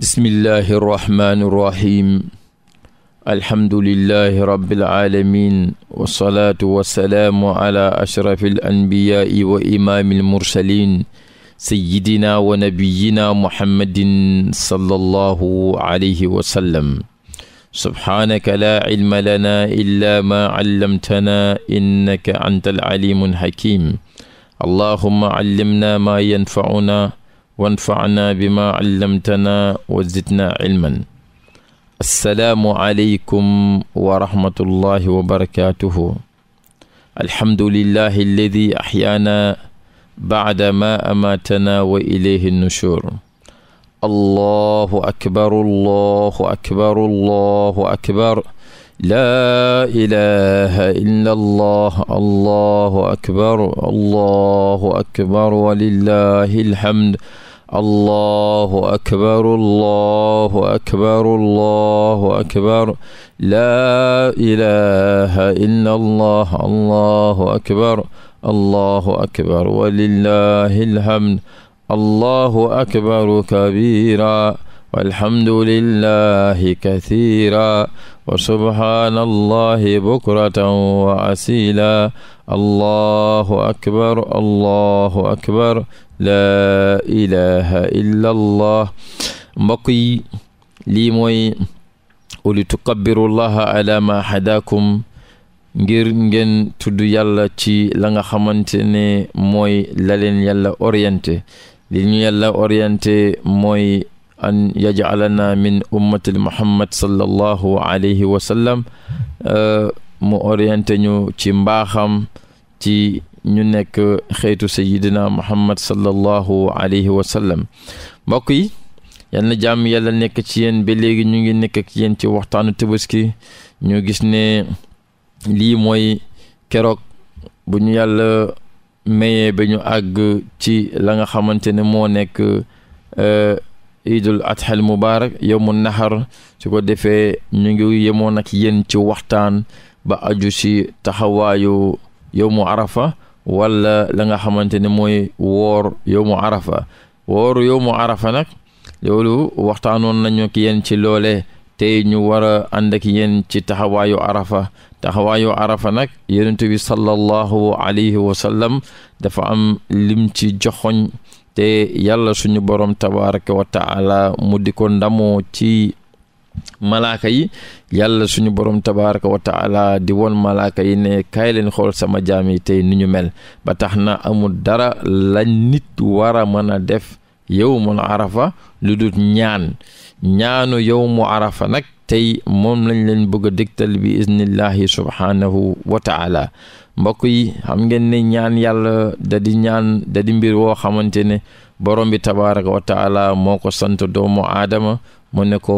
bismillahi irrahmani irrahim alhamdulilahi rabiilalamin wasalaatu wassalaamu ala ashrafi al anbiyaai wa imaami almursalin sayidina wa nabiyina muhammadin sallallahu alayhi wa sallam subhaanaka laa cilma lanaa illaa maa callamtanaa innaka anta alcalimu alxakim allahuma callimna maa yanfacunaa wanfaanaa bimaa allamtanaa wa zidnaa ilman assalaamu aleykum wa rahmatullahi wa barakaatuhu alhamdulillahi alladi axyaanaa bacda maa amaatanaa wa ilayhi nushur allahu akbar allahu akbar allahu akbar laa ilaha illa allah allahu akbar allahu akbar walillahi alhamd allahu akbar allahu akbar allahu akbar laa ilaha illa allah allahu akbar allahu akbar walillahi alhamd allahu akbar kabira walhamdulillahi kathira wa subhaanallahi bukratan wa akbar allahu akbar laa ilaha illa allah mbokk yi lii mooy wali tukabiru llaha ala hadaakum ngir ngen tudd yàlla ci la nga xamante ne mooy la leen yàlla orienté li an yaj'alana min ummati muhammad sallallahu alayhi wa sallam euh, mu orienté ñu ci mbaaxam ci ñu nekk xeetu sayidina muhammad sallallahu alayhi wa sallam mbokk yi yal na jàmm yàlla nekk ci yéen ba léegi ñu ngi nekk ak yéen ci waxtaanu tabaski ñu gis ne lii mooy keroog bu ñu yàlla mayee ba ñu àgg ci la xamante ne moo nekk euh, idul adhal mubaarak yowmu nahar su ko defee ñu ngi yemoon ak yéen ci waxtaan ba aju si taxawaayu yowmu arafa wala la nga xamante ne mooy woor yowmu arafa wooru yowmu arafa nag loolu waxtaanoon nañu ak yéen ci loole tey ñu war a ànd ak yéen ci taxawaayu arafa taxawaayu arafa nag yonent bi sallallahu alayhi wa sallam dafa am lim ci joxoñ te yàlla suñu borom tabaraka wa mu di ko ndamoo ci malaaka yi yàlla suñu borom tabaraka wa di won malaaka yi ne kaay leen xool sama jaam yi tey ni ñu mel ba tax na amul dara lañ nit war a mën a def yowmul arafa lu dul ñaan ñaanu yowmu arafa nag tey moom lañ leen bëgg a dégtal bi iznillahi subhaanahu wa taala mbokk yi xam ngeen ne ñaan yàlla da ñaan da mbir woo xamante ne borom bi tabaaraka wa moo ko sant doomu aadama mu ne ko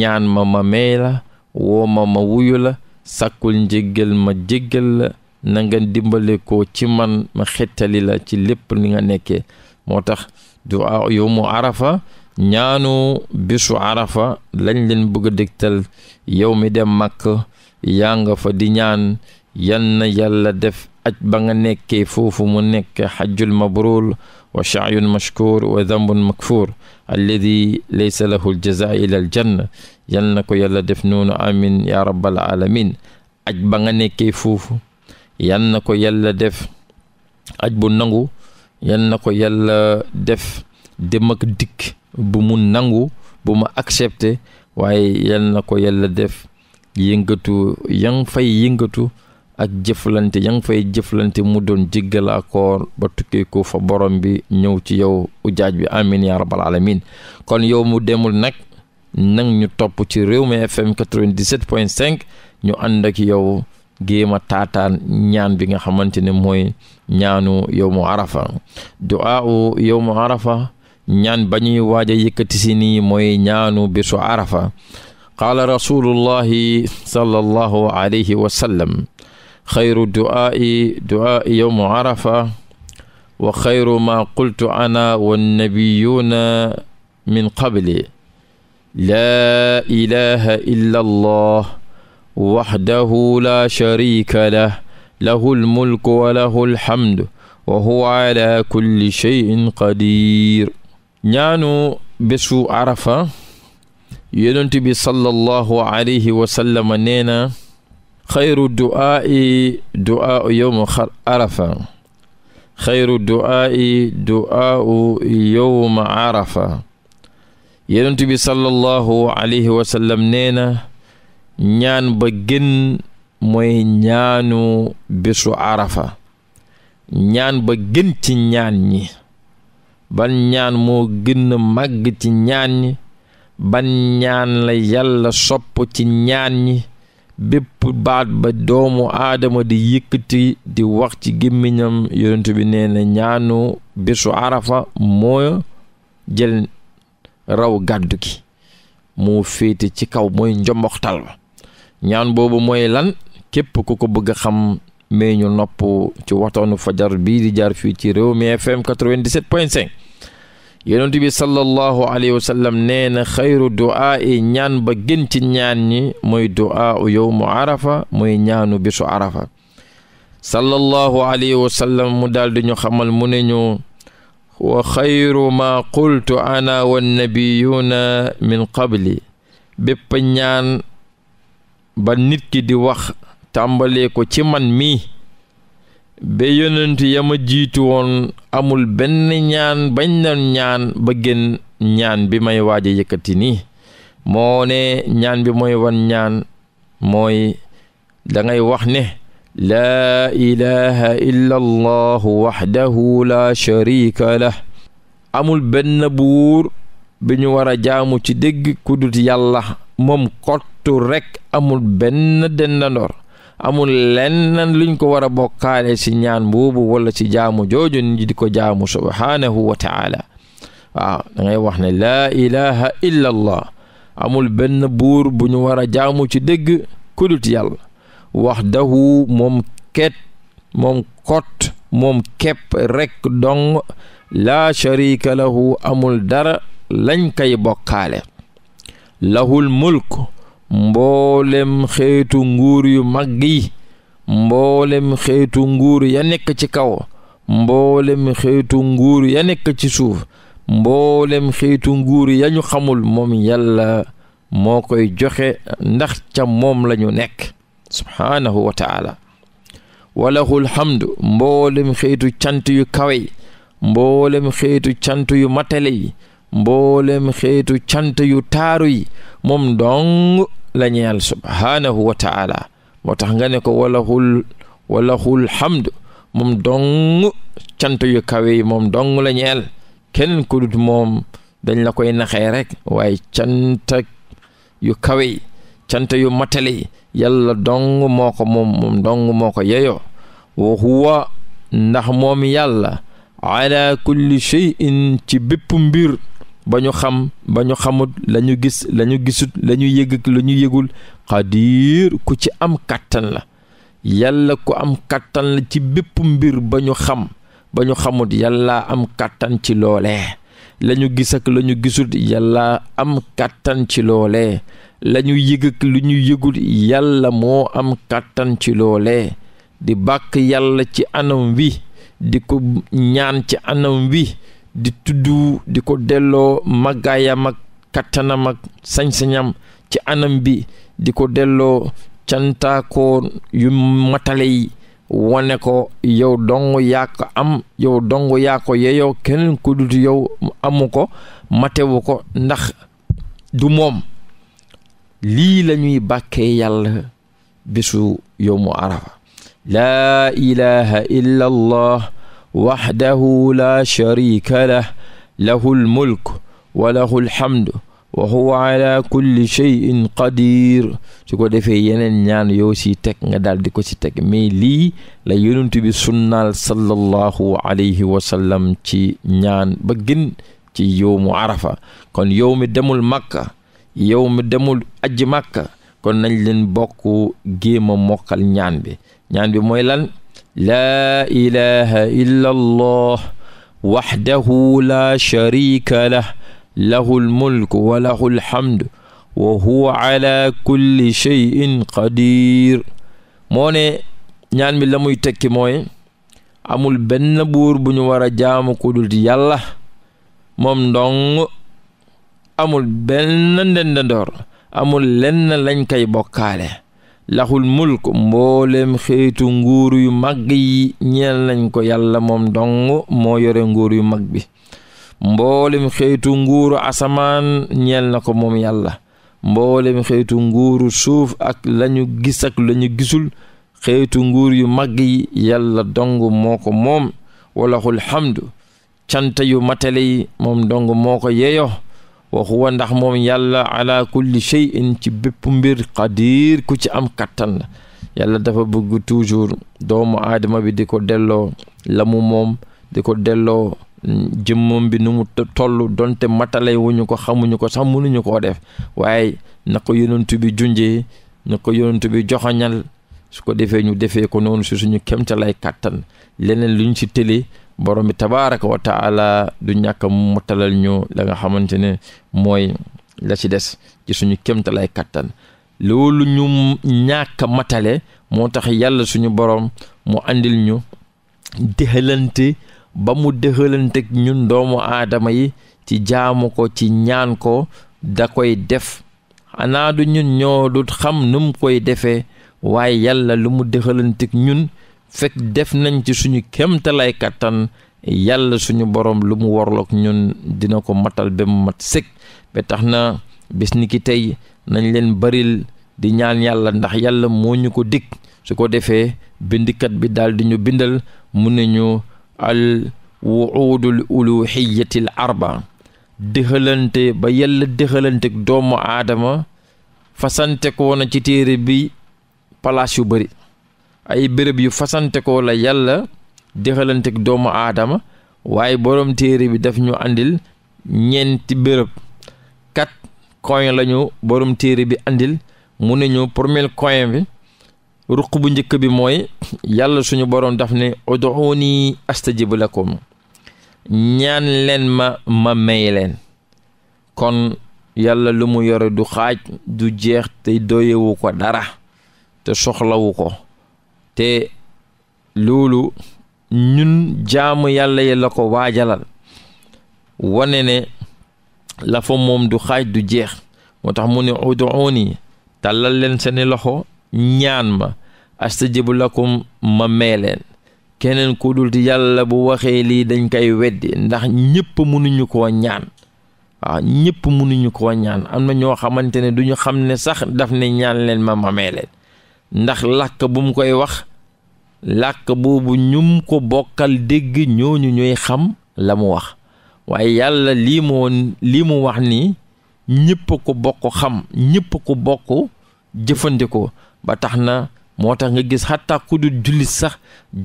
ñaan ma ma may la woo ma ma wuyu la sàkkul njéggal ma jéggal la na dimbale ko ci man ma xettali la ci lépp li nga nekke moo tax du'a yawmu arafa ñaanu bisu arafa lañ leen bëgg a dégtal yow mi dem màkk yaa nga fa di ñaan yan yàlla def aj ba nga nekkee foofu mu nekk xajjul mabrur wa chaayun mashkur wa dambun makfur alladi laysa lahu aljaza ila aljanna yan na ko yàlla def noonu amin ya rabbal alamin aj ba nga nekkee foofu yan na ko yalla def aj bu nangu yan na ko yalla def dem dikk bu mu nangu bu ma accepté waaye yal na ko yàlla def yëngatu yang fay yëngatu ak jëflante yang fay jëflante mu doon jéggal akoor ba tukkee fa borom bi ñëw ci yow ujaaj bi amin ya rabbal alamin kon yow mu demul nag nang ñu topp ci réew Rewmi FM 97.5 ñu ànd ak yow géema taataan ñaan bi nga xamante ne mooy ñaanu yow mu arafa duaa u yow mu arafa ñaan ba ñuy waaj a yëkkati si nii mooy ñaanu bésu arafa qaala rasulullahi sallallahu alayhi wa sallam xayru du'aa'i du'aa'i yowmu arafa wa xayru maa qultu ana wannabiyuuna min qabli laa ilaha illa allah waxdahu laa sharika lah lahu lmulku wa lahu alhamdu wa huwa ala kulli cheyin qadir ñaanu bésu arafa yonent bi sallallahu alayhi wa xayru du'aa'i du'aa'u yowmu arafa xayru du'aa'i du'aa'u yowma bi sallallahu alayhi wa sallam ñaan ba gën mooy ñaanu bésu arafa ñaan ba gën ci ñaan ñi ban ñaan moo gën a màgg ci ñaan ñi ban ñaan la yàlla sopp ci ñaan ñi bépp baat ba doomu aadama di yëkkati di wax ci gémmiñam yonent bi nee na ñaanu bésu arafa moo jël raw gàddu gi moo féete ci kaw mooy njomboxtal ba ñaan boobu mooy lan képp ku ko bëgg xam mais ñu nopp ci waxtaanu fajar bii di jaar fii ci réew mi fm 97.5 yonent bi sallallahu alayhi wa sallam nee xayru duaa ñaan ba gën ci ñaan ñi mooy duaa u yowmu arafa mooy ñaanu bisu arafa sallallahu alayhi wa mu daal di ñu xamal mu ne ñu wa xayru ma qultu ana wannabiyuna min qabli bépp ñaan ba nit ki di wax tàmbalee ko ci man mi ba yonent ya ma jiitu woon amul benn ñaan bañ na ñaan ba ñaan bi may waaj a yëkkati moo ne ñaan bi mooy wan ñaan mooy dangay wax ne laa ilaha illa waxdahu laa sharika lah amul benn buur bi ñu war a jaamu ci dégg ku dut yàlla moom kottu rekk amul benn dendandoor amul lenn luñ ko war a bokkaale ci ñaan boobu wala ci jaamu jooju ñi di ko jaamu subhaanahu wa taala waaw da wax ne laa ilaha illa amul benn buur bu ñu war a jaamu ci dëgg kudut yàlla wahdahu moom ket moom kot rekk dong laa sharika lahu amul dara lañ kay bokkaale lahul mulk mboolem xeetu nguur yu mag yi mboolem xeetu nguur ya nekk ci kaw mboolem xeetu nguur ya nekk ci suuf mboolem xeetu nguur ya ñu xamul moom yàlla moo koy joxe ndax ca moom lañu nekk subhaanahu wa taala walahul hamdu mboolem xeetu cant yu kawe mboolem xeetu cant yu matale yi mboolem xeetu cant yu taaru yi moom dong la ñeel subhaanahu wa taala moo tax nga ne ko walahul walahul hamdu moom dong cant yu kawe yi moom dong la ñeel keneen ku moom dañ la koy naxee rek waaye cant yu kawe yi cant yu matale yi yàlla dong moo ko moom moom dong moo ko yeyoo wa huwa ndax moom yàlla ala kulli shay'in ci bépp mbir ba ñu xam ba ñu xamut la gis la gisut la ñu yëg la ñu yëgul xadir ku ci am kàttan la yàlla ku am kàttan la ci bépp mbir ba ñu xam ba ñu xamut yàlla am kàttan ci loolee lañu ñu lañu ak la gisut yàlla am kàttan ci loole lañu ñu yëg lu ñu yëgul yàlla moo am kàttan ci loole di bàkk yàlla ci anam wi di ko ñaan ci anam wi di tudd di ko delloo màggaayam ak kattanam ak sañ ci anam bi di ko delloo cantaakoo yu matale yi wane ko yow dong yaa ko am yow dong yaa ko yeyoo keneen ko yow amu ko matewu ko ndax du moom lii lañuy ñuy bàkkee yàlla bésu yow mu arafa laa ilaha illa waxdahu laa sharika lah lahu lmulk wa lahu lhamdu wa huwa ala kulli cheyin qadir su ko defee yeneen ñaan yow si teg nga daal di ko si teg mais lii la yonent bi sunnaal sallallahu alayhi wa sallam ci ñaan ba gën ci yow mu arafa kon yow mi demul màkka yow mi demul ajj màkka kon nañ leen bokk géema mokkal ñaan bi ñaan bi mooy lan laa ilaha illa allah waxdahu laa sharika lah lahu lmulku wa lahu lhamdu wa huwa ala kulli cheyin qadir moo ñaan mi la muy tekki mooy amul benn buur bu ñu war a jaamu ku dul yàlla moom ndong amul benn ndendandoor amul lenn lañ koy bokkaale laxul mulk mboolem xeetu nguur yu mag yi ñeel nañ ko yàlla moom dong moo yore nguur yu mag bi mboolem xeetu nguuru asamaan ñeel na ko moom yàlla mboolem xeetu nguuru suuf ak lañu gis ak lañu gisul xeetu nguur yu mag yi yàlla dong moo ko moom walaxul xamdu cant yu matale yi moom dong moo ko yeeyo wa huwa ndax moom yàlla ala kulli shay'in ci bépp mbir qadir ku ci am kattan la yàlla dafa bëgg toujours doomu aadama bi di ko delloo la mu moom di ko delloo jëmmam bi nu mu toll donte matale wuñu ko xamuñu ko sax mënuñu koo def waaye na ko yonentu bi junjee na ko yonentu bi joxoñal su ko defee ñu defee ko noonu si suñu kemtalaay kàttan leneen luñ ci tëlee borom bi tabaraka wa taala du ñàkk mu ñu la nga xamante ne mooy la ci des ci suñu kémtalay kattan lu ñu ñàkk matale moo tax yàlla suñu borom mu andil ñu dëxalante ba mu dëxalante ñun doomu aadama yi ci jaamu ko ci ñaan ko da koy def xanaa du ñun ñoo du xam nu mu koy defee waaye yàlla lu mu dëxalante ñun fekk def nañ ci suñu kéemtalaay kàttan yàlla suñu borom lu mu warloog ñun dina ko matal ba mat sëkk ba tax na bis ni ki tey nañ leen baril di ñaan yàlla ndax yàlla moo ñu ko dikk su ko defee bindkat bi daal di ñu bindal mu ne ñu al wuudul uluhiyatil arba dëxalante ba yàlla dëxalante doomu aadama fasante ko na ci téere bi palaas yu bari ay bërëb yu fasante ko la yàlla dexalanteeg doomu aadama waaye borom téere bi daf ñu andil ñeenti bërëb kat coin lañu ñu téere bi andil mu ne ñu premier coin bi ruq bu njëkk bi mooy yàlla suñu borom daf ne ud'uuni astajib lakum ñaan leen ma ma may leen kon yàlla lu mu yore du xaaj du jeex te doyewu ko dara te soxlawu ko te loolu ñun jaamu yàlla yi la ko waajalal wane ne la fa moom du xaaj du jeex moo tax mu ne uduuni tàllal leen seeni loxo ñaan ma astajibu lakum ma mee keneen ku dul ti yàlla bu waxee lii dañ koy weddi ndax ñépp mënuñu koo ñaan waaw ñëpp mënuñu koo ñaan am na ñoo xamante ne duñu xam ne sax daf ne ñaan leen ma ma mee ndax làkk bu mu koy wax làkk boobu ñum ko bokkal dégg ñooñu ñooy xam la mu wax waaye yàlla lii mu wax nii ñépp ko bokk xam ñëpp ko bokk jëfandikoo ba tax na moo tax nga gis xataa ku jullit sax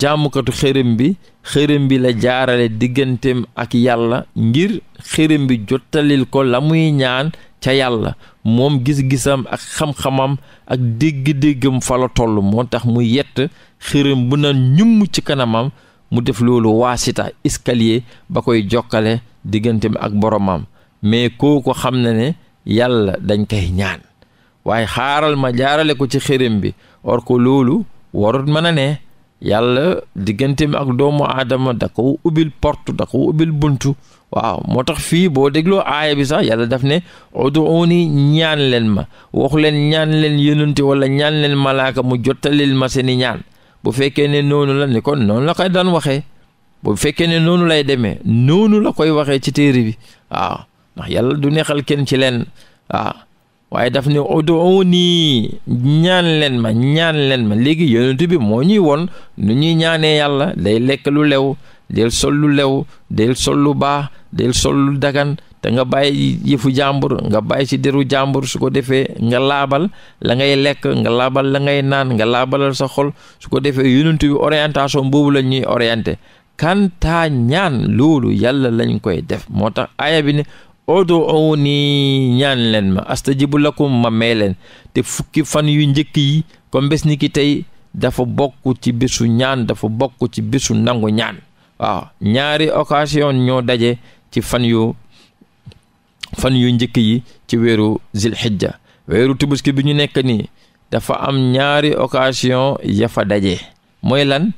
jaamukatu xërëm bi xërëm bi la jaarale digganteem ak yàlla ngir xërëm bi jottalil ko la muy ñaan ca yàlla moom gis-gisam ak xam-xamam ak dégg-déggam fa la toll moo tax mu yett xërëm bu naan ñum ci kanamam mu def loolu waasita escalier ba koy jokkale digganteem ak boromam mais kooku xam na ne yàlla dañ koy ñaan waaye xaaral ma jaarale ko ci xërëm bi or ko loolu warut mën a ne yàlla digganteem ak doomu aadama da ko ubbil porte da ko ubbil buntu waaw moo tax fii boo dégloo aaya bi sax yàlla daf ne uduuni ñaan leen ma waxu leen ñaan leen yonente wala ñaan leen malaaka mu jottalil ma seeni ñaan bu fekkee ne noonu la ni kon noonu la koy daan waxee bu fekkee ne noonu lay demee noonu la koy waxee ci téere bi waaw ndax yàlla du neexal kenn ci leen waaw waaye daf ne uduuni ñaan leen ma ñaan leen ma léegi yonent bi moo ñuy won nu ñuy ñaanee yàlla day lekk lu lew del sol lu lew del sol lu baax del sol lu dagan te nga bàyyi yëfu jàmbur nga bàyyi si deru jàmbur su ko defee nga laabal la ngay lekk nga laabal la ngay naan nga laabalal sa xol su ko defee yonent bi orientation boobu la ñuy orienté kantaa ñaan loolu yàlla lañ koy def moo tax aaya bi ne ud'uuni ñaan leen ma astajibu lakum ma may leen te fukki fan yu njëkk yi comme bés ni ki tey dafa bokk ci bésu ñaan dafa bokk ci bésu nangu ñaan waaw ñaari occasion ñoo daje ci fan yu fan yu njëkk yi ci weeru zilhijja weeru tubuski bi ñu nekk nii dafa am ñaari occasion ya daje mooy lan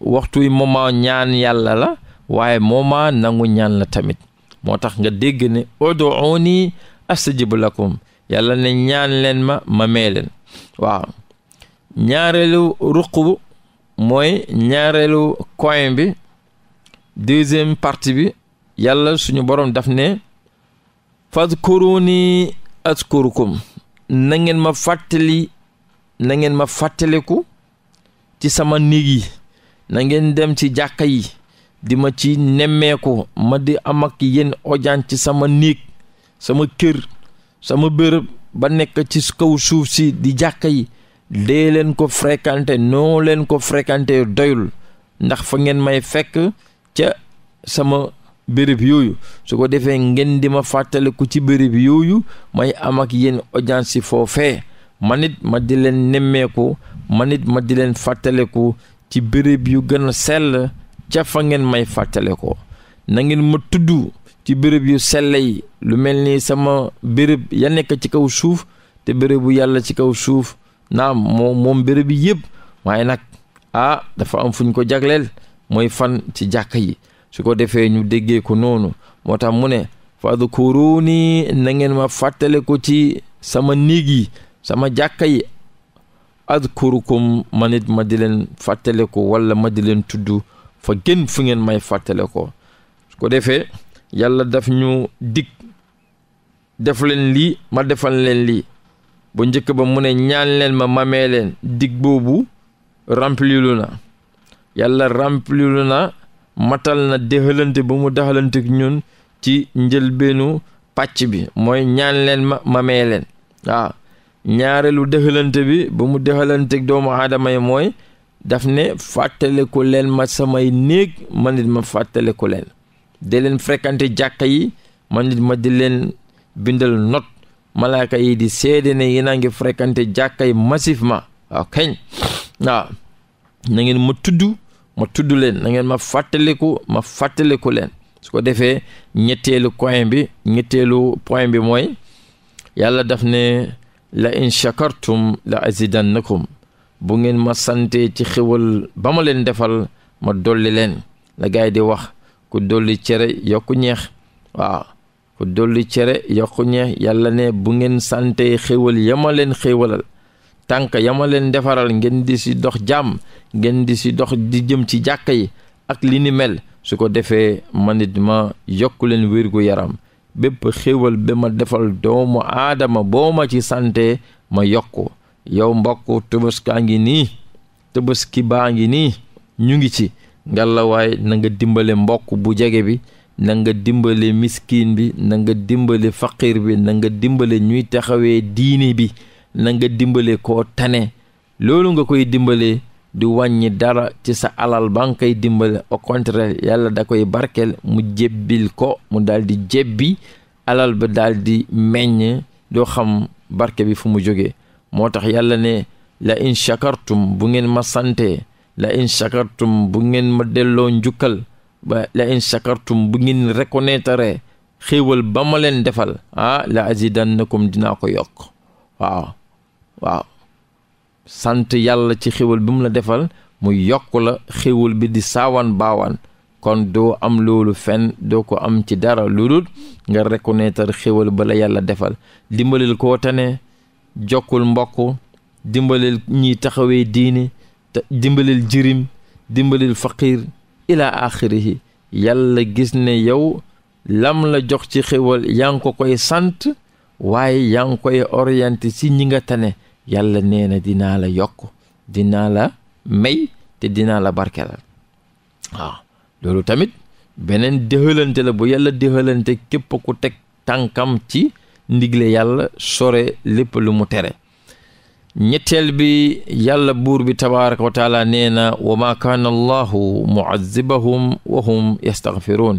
waxtu yi moment ñaan yàlla la waaye moment nangu ñaan la tamit moo tax nga dégg ne ud'uuni astajib lakum yàlla ne ñaan leen ma ma mee waaw ñaareelu ruq mooy ñaareelu coin bi deuxième partie bi yàlla suñu borom daf ne fadkuruni askurukum na nangeen ma fàttali na ngeen ma fàttaliku ci sama néeg yi na ngeen dem ci jàkka yi di ma ci nemmeeku ma di am ak yéen ojaan ci sama néeg sama kër sama bërëb ba nekk ci kaw suuf si di jàkk yi dee leen ko fréquenter noo leen ko fréquenter doyul ndax fa ngeen may fekk ca sama béréb yooyu su ko defee ngeen di ma fàttaliku ci béréb yooyu may am ak yéen audience si foofee man it ma di leen nemmeeku man it ma di leen fàttaliku ci béréb yu gën a sell ca fa ngeen may fàttalikoo na ngeen ma tudd ci béréb yu sell yi lu mel ni sama béréb ya nekk ci kaw suuf te béréb bu yàlla ci kaw suuf naam moom moom béréb bi yëpp waaye nag ah dafa am fu ñu ko jagleel mooy fan ci jàkka yi su ko defee ñu déggee ko noonu moo tax mu ne fadkuruni na ngeen ma fàttale ko ci sama néeg yi sama jàkka yi adkurukum ma nit ma di leen fàttale ko walla ma di leen tudd fa gën fu ngeen may fàttale ko su ko defee yàlla daf ñu dikk def leen lii ma defal leen lii bu njëkk ba mu ne ñaan leen ma mamee leen dig boobu remplilu na yàlla remplilu na matal na dexalante ba mu dexalante ñun ci njëlbeenu pàcc bi mooy ñaan leen ma mamee leen waaw ñaareelu dexalante bi ba mu dexalante doomu aadama yi mooy daf ne fàttaliku leen ma samay néeg man nit ma ko leen de leen fréquenté jàkka yi man nit ma di leen bindal not malaaka yi di seede ne yéen a ngi fréquenté jàkka yi massivement waaw ah, kañ waaw ah, na ngeen ma tudd ma tudd leen na ngeen ma fàttaliku ma fàttaliku leen su ko defee ñetteelu point bi ñetteelu point bi mooy yàlla daf ne la in shakartum la azidannakum bu ngeen ma sante ci xewal ba ma leen defal ma dolli leen la gaay di wax ku dolli cere yokk ñeex waaw ku dolli cere yokku ñeex yàlla ne bu ngeen sante xéwal yama leen xéwalal tànk yama leen defaral ngeen di si dox jàmm ngeen di si dox di jëm ci jàkk yi ak li ni mel su ko defee manit ma yokku leen wérgu yaram bépp xéwal ba ma defal doomu aadama boo ma ci santee ma yokku yow mbokk tëbaskaa ngi nii tëbaski baa ngi nii ñu ngi ci ngalla nanga na dimbale mbokk bu jege bi na nga dimbale miskin bi na nga dimbale faqiir bi na nga dimbale ñuy taxawee diini bi na nga dimbale koo tane loolu nga koy dimbale di wàññi dara ci sa alal ba nga koy dimbale au yàlla da koy barkeel mu jébbil ko mu daal di jébbi alal ba daal di meññ doo xam barke bi fu mu jógee moo tax yàlla ne la in shakartum bu ngeen ma sante la in shakartum bu ngeen ma delloo njukkal ba la in shakartum bu ngeen reconnaître xéewal ba ma leen defal ah la azidannakum dinaa ko yokk waaw waaw sant yàlla ci xéewal bi mu la defal mu yokk la xéewal bi di saawan baawaan kon doo am loolu fenn doo ko am ci dara loolu nga reconnaître xéewal ba la yàlla defal dimbalil koo tane jokkul mbokk dimbalil ñiy taxawee diini dimbalil jirim dimbalil faqiir ila axirihi yàlla gis ne yow lam la jox ci xéwal yaa ngi ko koy sant waaye yaa ngi koy orienté si ñi nga tane yàlla nee na dinaa la yokk dinaa la may te dina la barkelal waaw loolu tamit beneen déxalante la bu yàlla déxalante képp ku teg tànkam ci ndigle yàlla sore lépp lu mu tere ñetteel bi yàlla buur bi tabaraka wa taala nee na wa maa kaana allahu muazibahum wa hum yastaghfiruun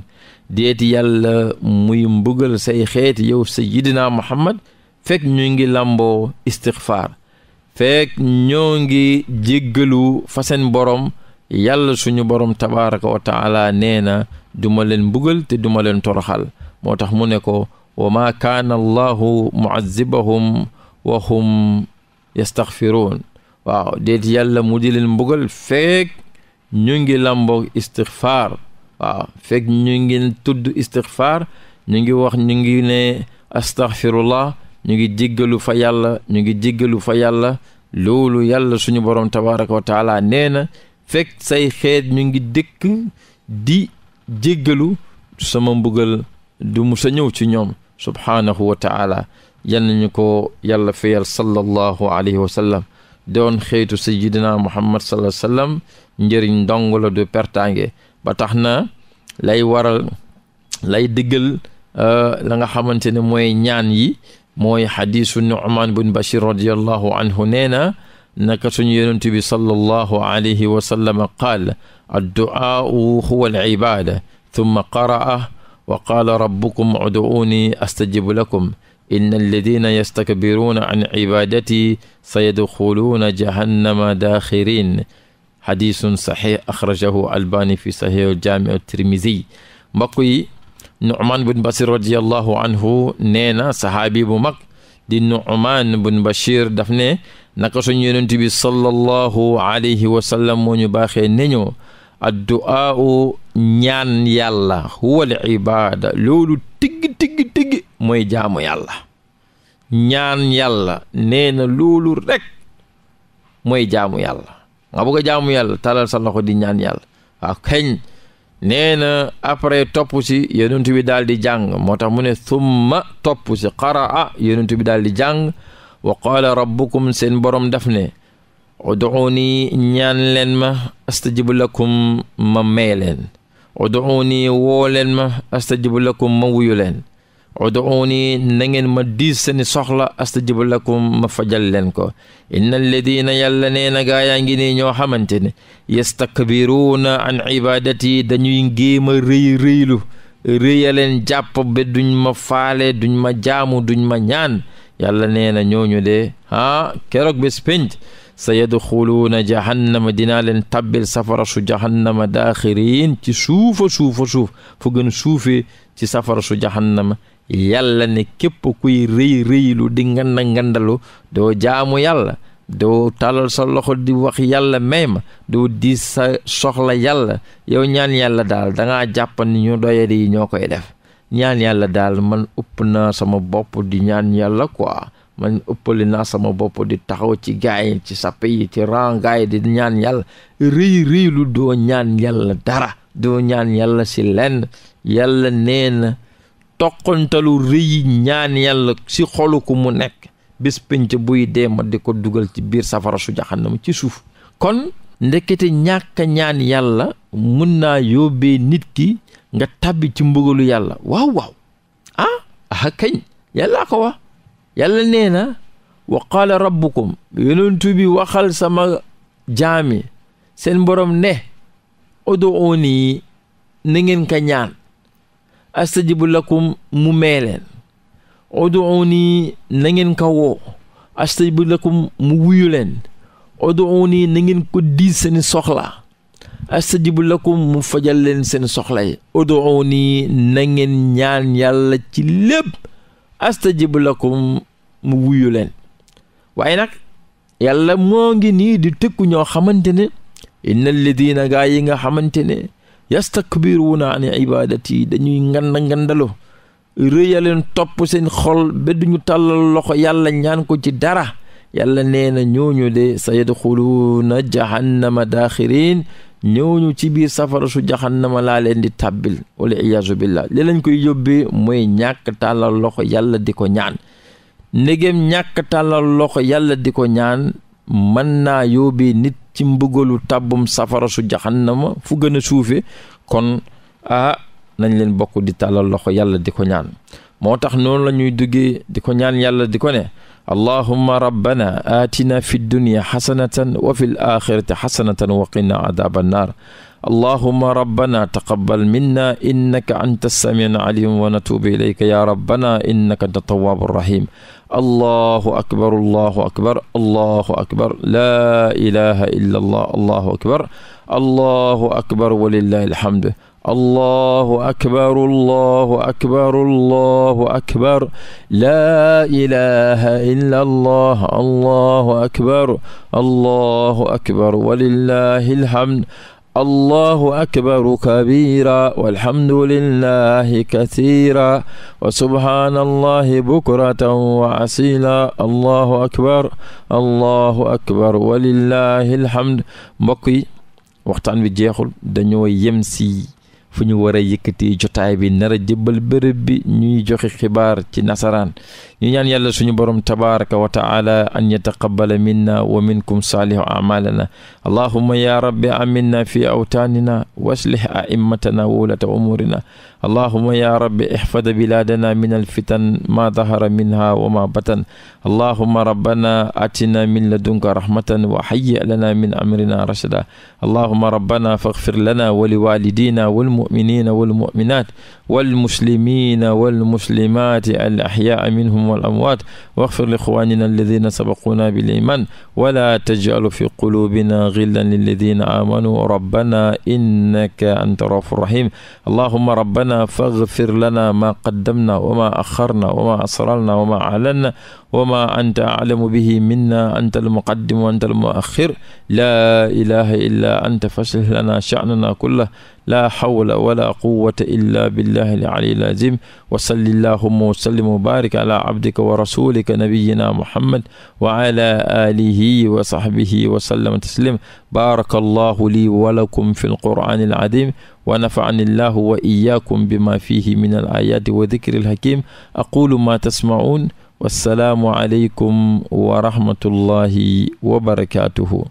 déeti yàlla muy mbugal sey xeeti yow sayidina muhammad fekk ñu ngi làmboo istixfaar fekk ñoo ngi jéggalu fa seen borom yàlla suñu borom tabaraka wa taala nee na leen mbugal te duma leen toroxal moo tax mu ne ko wa maa kaana allahu muazibahum wa hum yastaxfiruun waaw déet yàlla mu di leen mbugal feek ñu ngi làmboog istixfaar waaw fekk ñu ngi tudd istixfaar ñu ngi wax ñu ngi ne astaxfirullah ñu ngi jéggalu fa yàlla ñu ngi jéggalu fa yàlla loolu yàlla suñu borom tabaraka wa taala nee na fekk say xeet ñu ngi dëkk di jéggalu sama mbugal du musa ñëw ci ñoom subhaanahu wa taala yal nañu ko yàlla fayal sallallahu alayhi wa sallam doon xëytu sayyidina muhammad sallallahu alayhi wa sallam njëriñ dong la du pertange ba tax na lay waral lay diggal euh, la nga xamante ne mooy ñaan yi mooy xadiisu nu'man bin bashir radiallahu anhu nee na naka suñu yonent bi sallallahu alayhi wa sallam qaal adduaau huwa alibada thumma qaraa wa qaala rabbukum uduuni astajib lakum inna alladina yastakbiruuna an cibaadati sayadxuluuna jahannama daaxirin xadisun saxix axrajahu albani fi saxix jaamiu tirmisi mbokk yi nucmaan bun basir radiallahu anhu nee na saxaabi bu mag di nucmaan bun bashir daf ne naka suñu yonent bi sallallahu alayhi wa sallam moo ñu baaxee ne ñu addu'aa ñaan yàlla huwa al ibaada loolu tiggi tiggi tiggi mooy jaamu yàlla ñaan yàlla nee na loolu rek mooy jaamu yàlla nga bëgg jaamu yàlla talal sa loxo di ñaan yàlla waaw kañ nee na après topp si yonent bi daal jàng moo tax mu ne summa topp si qaraa yonent bi daal di jàng wa qaala rabbukum seen borom daf ne uduuni ñaan leen ma astajib lakum ma may leen uduuni woo ma astajib ma wuyu leen uduuni na ngeen ma diis seeni soxla astajib lakum ma fajal leen ko inna alladina yàlla nee na gaayaa ngi ne ñoo xamante ne yastakbiruuna an ibadati dañuy ngéem a rëy rëylu rëyaleen jàpp ba duñ ma faale duñ ma jaamu duñ ma ñaan yàlla nee na ñooñu de ah keroog bés pénc sa yadxuluuna jahannama dinaa leen tabbil safara su jahannama daaxiriin ci suufa suufa suuf fu gën suufee ci safara su jahannama yàlla ne képp kuy rëy rëylu di nganda ngandalu doo jaamu yàlla doo talal sa loxo di wax yàlla may ma doo di sa soxla yàlla yow ñaan yàlla daal danga jàpp ni ñu doyadi yi ñoo koy def ñaan yàlla daal man ëpp naa sama bopp di ñaan yàlla quoi man ëppali naa sama bopp di taxaw ci gaay yi ci sa yi ci rangaay di ñaan yàlla rëy rëylu doo ñaan yàlla dara doo ñaan yàlla si lenn yàlla nee na toqantalu rëyi ñaan yàlla si xolu ko mu nekk bés pénc buy dema di ko dugal ci biir safara su jaxannam ci suuf kon ndekete ñàkk ñaan yàlla mun naa yóbbee nit ki nga tàbbi ci mbugalu yàlla waaw waaw ah ah kañ yàllaa ko wax yàlla nee na wa qaala rabbukum yonentu bi waxal sama jaami seen boroom ne uduuni na ngeen ka ñaan astajibu lakum mu mee leen uduuni na ngeen ko woo astajibu lakum mu wuyu leen uduuni na ngeen ko di seeni soxla astajibu lakum mu fajal leen seen soxla yi uduuni na ngeen ñaan yàlla ci lépp astajibu ko mu wuyu leen nag yàlla moo ngi nii di tëkku ñoo xamante ne inna alladina gaa yi nga xamante ne wu yastakbiruuna an ibadati dañuy nganda ngandaloo rëyaleen topp seen xol ba duñu tàllal loxo yàlla ñaan ko ci dara yàlla nee na ñooñu de sa yadxuluuna jahannama daaxirin ñëwuñu ci biir safara su jahannama laa leen di tàbbil wala iyaasu billah li lañ koy yóbbee mooy ñàkk tàllal loxo yàlla di ko ñaan ndegem ñàkk tàllal loxo yàlla di ko ñaan mën naa yóbbee nit ci mbugalu tàbbum safara su jaxannama fu gën a suufe kon ah nañ leen bokk di tàllal loxo yàlla di ko ñaan moo tax noonu la ñuy duggee di ko ñaan yàlla di ko ne allahumma rabbana aatina fi dunya xasanatan wa fi l axirati xasanatan wa qina adaaba annaar allahumma rabbana taqabbal minna innaka anta samian alim wa natubu ilayka ya rabbana innaka anta tawaabu rahim allahu akbar allahu akbar allahu akbar laa ilaha illa allah allahu akbar allahu akbar walillahi alhamd allahu akbar allahu akbar allahu akbar laa ilaha illa allah allahu akbar allahu akbar walillahi alhamd allahu akbaru kabira walhamdulillahi kacira wa subhaanallahi bukratan wa asila allahu akbar allahu akbar walillahi alhamd mbokk yi waxtaan bi jeexul dañoo yem si fu ñu war a jotaay bi nar a jëbbal bërëb bi ñuy joxe xibaar ci nasaraan ñu ñaan yàlla suñu borom tabaraka wa taala an yataqabala minna wa minkum saalihu amalana allahumma ya rabbi aminna fi awtaanina waslih aimmatana wa wulata umurina allahuma ya rabbi ixfad bilaadana min alfitan maa dahara minha wa maa batan allahuma rabbana atina min ladunka rahmatan wa hayyi lana min amrina rachada allahuma rabbana faxfir lana wa liwalidina walmuminina walmuminat والمسلمين والمسلمات الأحياء منهم والأموات واغفر لإخواننا الذين سبقونا بالإيمان ولا تجعل في قلوبنا غلا للذين آمنوا ربنا إنك أنت الغفور الرحيم اللهم ربنا فاغفر لنا ما قدمنا وما أخرنا وما أسررنا وما أعلنا وما أنت أعلم به منا أنت المقدم وأنت المؤخر لا إله إلا أنت فاصلح لنا شأننا كله laa hawla wala quwata illa billah al aliyyil azim wa salli llahumma wa sallim wa barik ala abdika wa rasulika nabiyina muhammad wa ala alihi wa sahbihi wa sallama taslim baraka allahu lii wa lakum fi alqur'ani al azim wa nafa'ani allahu wa iyyakum bima fihi min al ayati wa dhikri al hakim aqulu ma tasma'un wassalaamu aleykum wa rahmatullahi wa barakatuhu